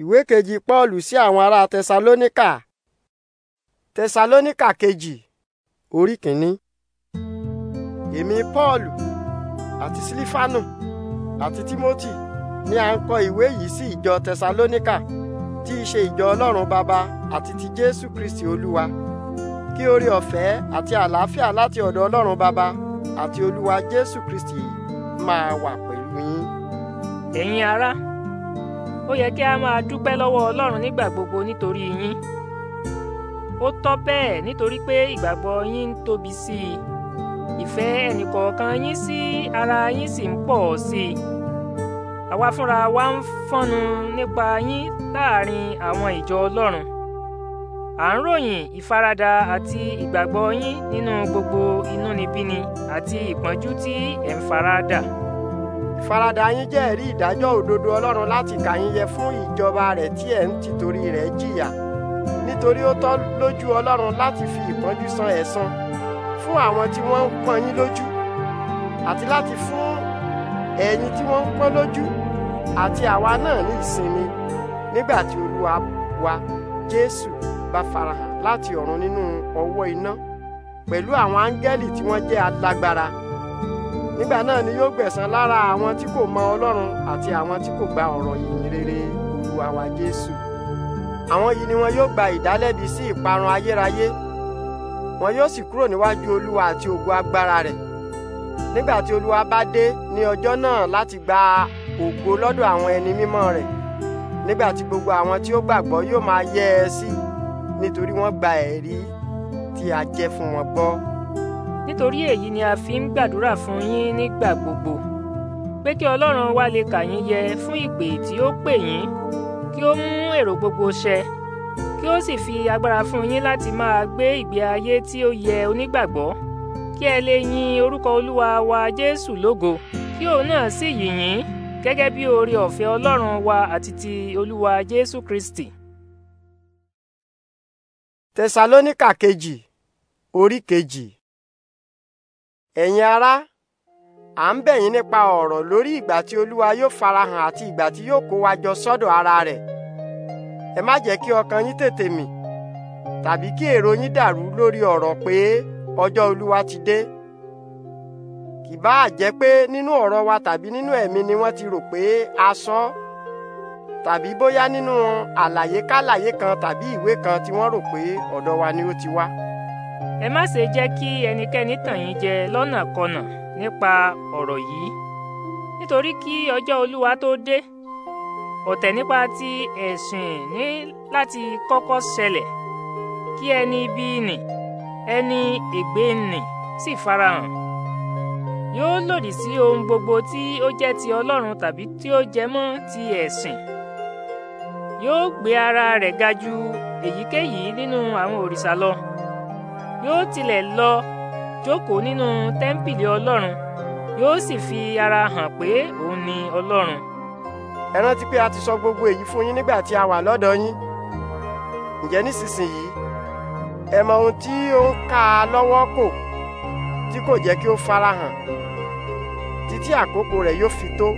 ìwé kejì paul sí àwọn ará Tesalonica tẹsalóníkà kejì orí kìíní èmi paul àti silifanu àti timothy ni à ń kọ ìwé yìí sí ìjọ tẹsalóníkà tí í ṣe ìjọ ọlọ́run baba àti ti jésù kristi olúwa kí oore ọ̀fẹ́ àti àlàáfíà láti ọ̀dọ̀ ọlọ́run baba àti olúwa jésù kristi máa wà pẹ̀lú yín. ẹ̀yin ará ó yẹ kí a máa dúpẹ́ lọ́wọ́ Ọlọ́run nígbà gbogbo nítorí yín ó tọ́ bẹ́ẹ̀ nítorí pé ìgbàgbọ́ yín ń tóbi sí i ìfẹ́ ẹnìkọ̀ọ̀kan yín sí ara yín sì ń pọ̀ sí i àwa fúnra wa ń fọ́nu nípa yín láàrin àwọn ìjọ Ọlọ́run à ń ròyìn ìfaradà àti ìgbàgbọ́ yín nínú gbogbo inúnibíni àti ìpọ́njú tí ẹ̀ ń faradà faradà yín jẹ́ ẹ̀rí ìdájọ́ òdodo ọlọ́run láti kà yín yẹ fún ìjọba rẹ̀ tí ẹ̀ ń tìtorí rẹ̀ jìyà nítorí ó tọ́ lójú ọlọ́run láti fi ìpọ́njú san ẹ̀san fún àwọn tí wọ́n ń pọ́n yín lójú àti láti fún ẹ̀yin tí wọ́n ń pọ́n lójú àti àwa náà ní ìsinmi nígbà tí olúwa wa jésù bá farahàn láti ọ̀run nínú ọwọ́ iná pẹ̀lú àwọn áńgẹ́lì tí wọ́n jẹ́ alágbára nígbà náà ni yóò gbẹ̀san lára àwọn tí kò mọ ọlọ́run àti àwọn tí kò gba ọ̀rọ̀ ìyìn rere olúwa wa jésù àwọn yìí ni wọn yóò gba ìdálẹ́bi sí ìparun ayérayé wọn yóò sì kúrò níwájú olúwa àti ògo agbára rẹ̀ nígbà tí olúwa bá dé ní ọjọ́ náà láti gba ògo lọ́dọ̀ àwọn ẹni mímọ́ rẹ̀ nígbà tí gbogbo àwọn tí ó gbàgbọ́ yóò máa yẹ́ ẹ sí nítorí wọ́n gba ẹ̀rí tí a jẹ́ fún wọn gbọ́ nítorí èyí ni a fi ń gbàdúrà fún yín nígbà gbogbo pé kí ọlọ́run wa lè kà yín yẹ fún ìpè tí ó pè yín kí ó mú èrò gbogbo ṣẹ kí ó sì fi agbára fún yín láti máa gbé ìgbé ayé tí ó yẹ onígbàgbọ́ kí ẹ lè yin orúkọ olúwa wa jésù lógo kí òun náà sì yìn yín gẹ́gẹ́ bí oore ọ̀fẹ́ ọlọ́run wa àti ti olúwa jésù kristi. tẹsalónìkà kejì orí kejì ẹ̀yin ará à ń bẹ̀ yín nípa ọ̀rọ̀ lórí ìgbà tí olúwa yóò farahàn àti ìgbà tí yóò kó wa jọ sọ́dọ̀ ara rẹ̀ ẹ má jẹ́ kí ọkàn yín tètè mì tàbí kí èrò yín dàrú lórí ọ̀rọ̀ pé ọjọ́ olúwa ti dé kì bá jẹ́ pé nínú ọ̀rọ̀ wa tàbí nínú ẹ̀mí ni wọ́n ti rò pé a sọ tàbí bóyá nínú àlàyé kálàyé kan tàbí ìwé kan tí wọ́n rò pé ọ̀dọ̀ wa ni ó ti wá ẹ má ṣe jẹ́ kí ẹnikẹ́ni tàn yín jẹ lọ́nàkọnà nípa ọ̀rọ̀ yìí nítorí kí ọjọ́ olúwa tó dé ọ̀tẹ̀ nípa ti ẹ̀sìn ní láti kọ́kọ́ ṣẹlẹ̀ kí ẹni ibi nì ẹni ègbé nì sì farahàn yóò lòdì sí ohun gbogbo tí ó jẹ́ ti ọlọ́run tàbí tí ó jẹ mọ́ ti ẹ̀sìn yóò gbé ara rẹ̀ ga ju èyíkéyìí nínú àwọn òrìṣà lọ yóò tilẹ̀ lọ jókòó nínú tẹ́ḿpìlì Ọlọ́run yóò sì fi ara hàn pé òun ni Ọlọ́run. ẹ rántí pé a ti sọ gbogbo èyí fún yín nígbà tí a wà lọ́dọ̀ yín ǹjẹ́ nísinsìnyí ẹ mọ ohun tí ó ń ká a lọ́wọ́ kò tí kò jẹ́ kí ó farahàn títí àkókò rẹ̀ yóò fi tó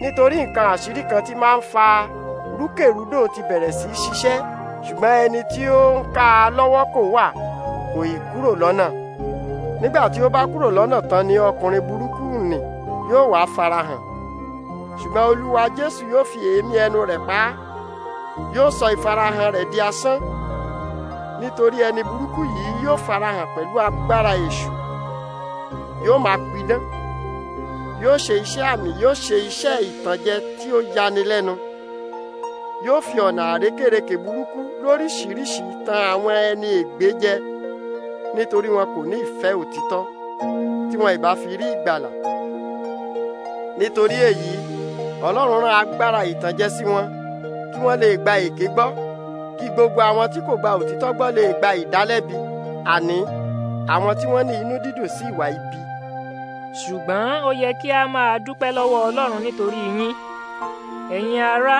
nítorí nǹkan àṣírí kan tí máa ń fa rúkèrúdò ti bẹ̀rẹ̀ sí ṣiṣẹ́ ṣùgbọ́n ẹni tí ó ń ká a lọ́wọ́ kò wà kò ì kúrò lọ́nà nígbà tí ó bá kúrò lọ́nà tán ni ọkùnrin burúkú nì yóò wá farahàn ṣùgbọ́n olúwa jésù yóò fi èémí ẹnu rẹ̀ pa á yóò sọ ìfarahàn rẹ̀ di asán nítorí ẹni burúkú yìí yóò farahàn pẹ̀lú agbára èṣù yóò máa pidán yóò ṣe iṣẹ́ àmì yóò ṣe iṣẹ́ ìtànjẹ tí ó yani yóò fi ọ̀nà àrékèrèkè burúkú lóríṣiríṣi tan àwọn ẹni ègbé jẹ nítorí wọn kò ní ìfẹ́ òtítọ́ tí wọn ìbá fi rí ìgbàlà nítorí èyí Ọlọ́run rán agbára ìtànjẹ sí wọn kí wọ́n lè gba èké gbọ́ kí gbogbo àwọn tí kò gba òtítọ́ gbọ́ lè gba ìdálẹ́bi àní àwọn tí wọ́n ní inú dídùn sí ìwà ibi. ṣùgbọ́n ó yẹ kí a máa dúpẹ́ lọ́wọ́ Ọlọ́run nítorí yín ẹ̀yin ará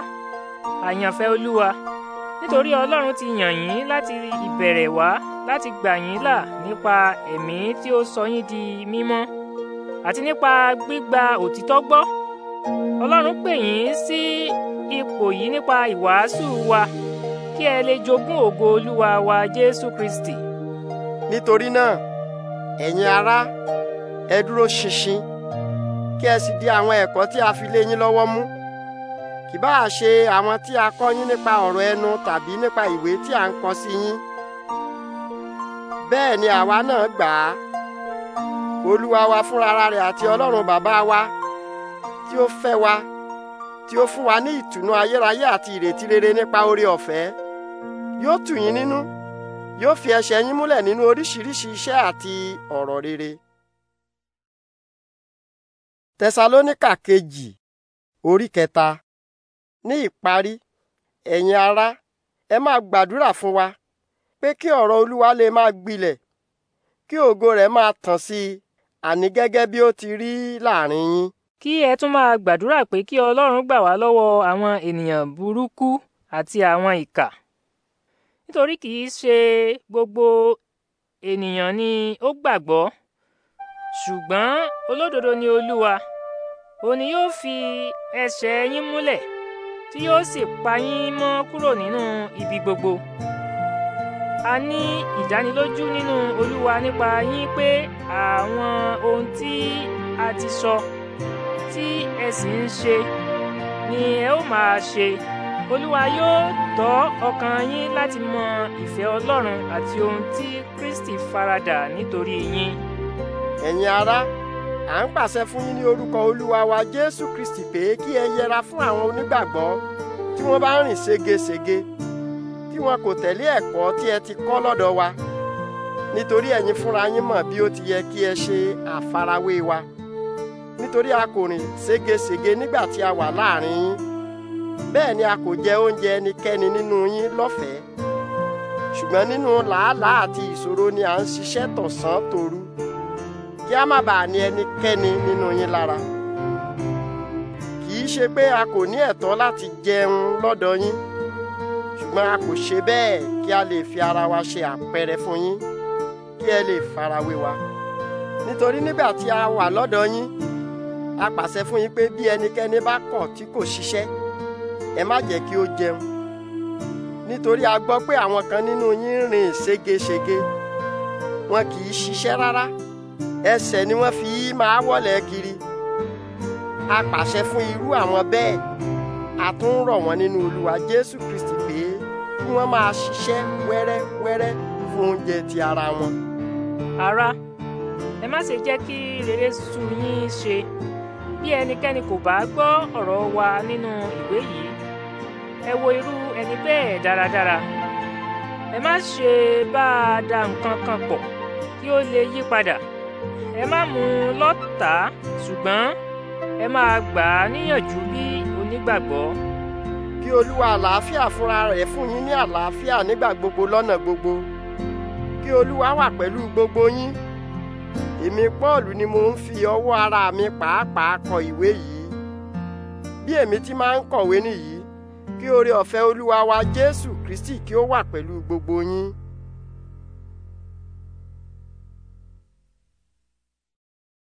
àyànfẹ́ Olúwa nítorí Ọlọ́run ti yàn yín láti ìbẹ̀rẹ̀ wá láti gbà yín là nípa ẹ̀mí tí ó sọ yín di mímọ́ àti nípa gbígba òtítọ́ gbọ́ Ọlọ́run pè yín sí ipò yìí nípa ìwàásù wa kí ẹ lè jogún ògo Olúwa wa Jésù Kristi. nítorí náà ẹ̀yin ará ẹ dúró ṣinṣin kí ẹ sì di àwọn ẹ̀kọ́ tí a fi lé yín lọ́wọ́ mú kì bá a ṣe àwọn tí a kọ́ yín nípa ọ̀rọ̀ ẹnu tàbí nípa ìwé tí a ń kọ sí yín bẹ́ẹ̀ ni àwa náà gbà á olúwa wa fúnra rẹ̀ àti ọlọ́run bàbá wa tí ó fẹ́ wa tí ó fún wa ní ìtùnú ayérayé àti ìrètí rere nípa oore ọ̀fẹ́ yóò tù yín nínú yóò fi ẹsẹ̀ yín múlẹ̀ nínú oríṣiríṣi iṣẹ́ àti ọ̀rọ̀ rere. tẹsalóníkà kejì orí kẹta. Ní ìparí, ẹ̀yin ará, ẹ máa gbàdúrà fún wa pé kí ọ̀rọ̀ Olúwa lè máa gbilẹ̀, kí ògo rẹ̀ máa tàn sí i, àní gẹ́gẹ́ bí ó ti rí láàrin yín. Kí ẹ tún máa gbàdúrà pé kí Ọlọ́run gbà wá lọ́wọ́ àwọn ènìyàn burúkú àti àwọn ìkà. Nítorí kì í ṣe gbogbo ènìyàn ni ó gbàgbọ́, ṣùgbọ́n olódodo ni Olúwa, òun yóò fi ẹsẹ̀ yín múlẹ̀ tí yóò sì pa yín mọ́ kúrò nínú ibi gbogbo. a ní ìdánilójú nínú olúwa nípa yín pé àwọn ohun tí a ti sọ tí ẹ sì ń ṣe ni ẹ ó máa ṣe olúwa yóò tọ́ ọkàn yín láti mọ ìfẹ́ ọlọ́run àti ohun tí kristi faradà nítorí yín. ẹ̀yin ará à ń pàṣẹ fún yín ní orúkọ olúwa wa jésù kristi pé kí ẹ yẹra fún àwọn onígbàgbọ́ tí wọ́n bá ń rìn ségesège tí wọn kò tẹ̀lé ẹ̀kọ́ tí ẹ ti kọ́ lọ́dọ̀ wa nítorí ẹ̀yin fúnra yín mọ̀ bí ó ti yẹ kí ẹ ṣe àfarawé wa nítorí a kò rìn ségesège nígbà tí a wà láàrin yín bẹ́ẹ̀ ni a kò jẹ oúnjẹ ẹnikẹ́ni nínú yín lọ́fẹ̀ẹ́ ṣùgbọ́n nínú làálàá àti ìṣòro ni à ń ṣiṣẹ́ tọ̀sán tòru kí a má bàa ní ẹnikẹ́ni nínú yín lára kì í ṣe pé a kò ní ẹ̀tọ́ láti jẹun lọ́dọ̀ yín ṣùgbọ́n a kò ṣe bẹ́ẹ̀ kí a lè fi ara wa ṣe àpẹẹrẹ fún yín kí ẹ lè farawé wa nítorí nígbà tí a wà lọ́dọ̀ yín a pàṣẹ fún yín pé bí ẹnikẹ́ni bá kọ̀ tí kò ṣiṣẹ́ ẹ má jẹ́ kí ó jẹun nítorí a gbọ́ pé àwọn kan nínú yín ń rìn ségesège wọn kì í ṣiṣẹ́ rárá ẹsẹ̀ ni wọ́n fi máa wọ̀lẹ̀ kiri a pàṣẹ fún irú àwọn bẹ́ẹ̀ a tún rọ̀ wọ́n nínú olúwa jésù kristi pé kí wọ́n máa ṣiṣẹ́ wẹ́rẹ́wẹ́rẹ́ fún oúnjẹ ti ara wọn. ará ẹ má ṣe jẹ́ kí rere sú yín ṣe bí ẹnikẹ́ni kò bá gbọ́ ọ̀rọ̀ wa nínú ìwé yìí ẹ wo irú ẹni bẹ́ẹ̀ dáradára ẹ má ṣe bá a dà nǹkan kan pọ̀ kí ó lè yí padà. ẹ má mú un lọ́tà ṣùgbọ́n ẹ máa gbà á níyànjú bí onígbàgbọ́. kí olúwa àlàáfíà fúnra rẹ̀ fún yín ní àlàáfíà nígbà gbogbo lọ́nà gbogbo kí olúwa wà pẹ̀lú gbogbo yín èmi Pọ́ọ̀lù ni mo ń fi ọwọ́ ara mi pàápàá kọ ìwé yìí bí èmi ti máa ń kọ̀wé nìyí kí oore ọ̀fẹ́ olúwa wa Jésù Kristi kí ó wà pẹ̀lú gbogbo yín.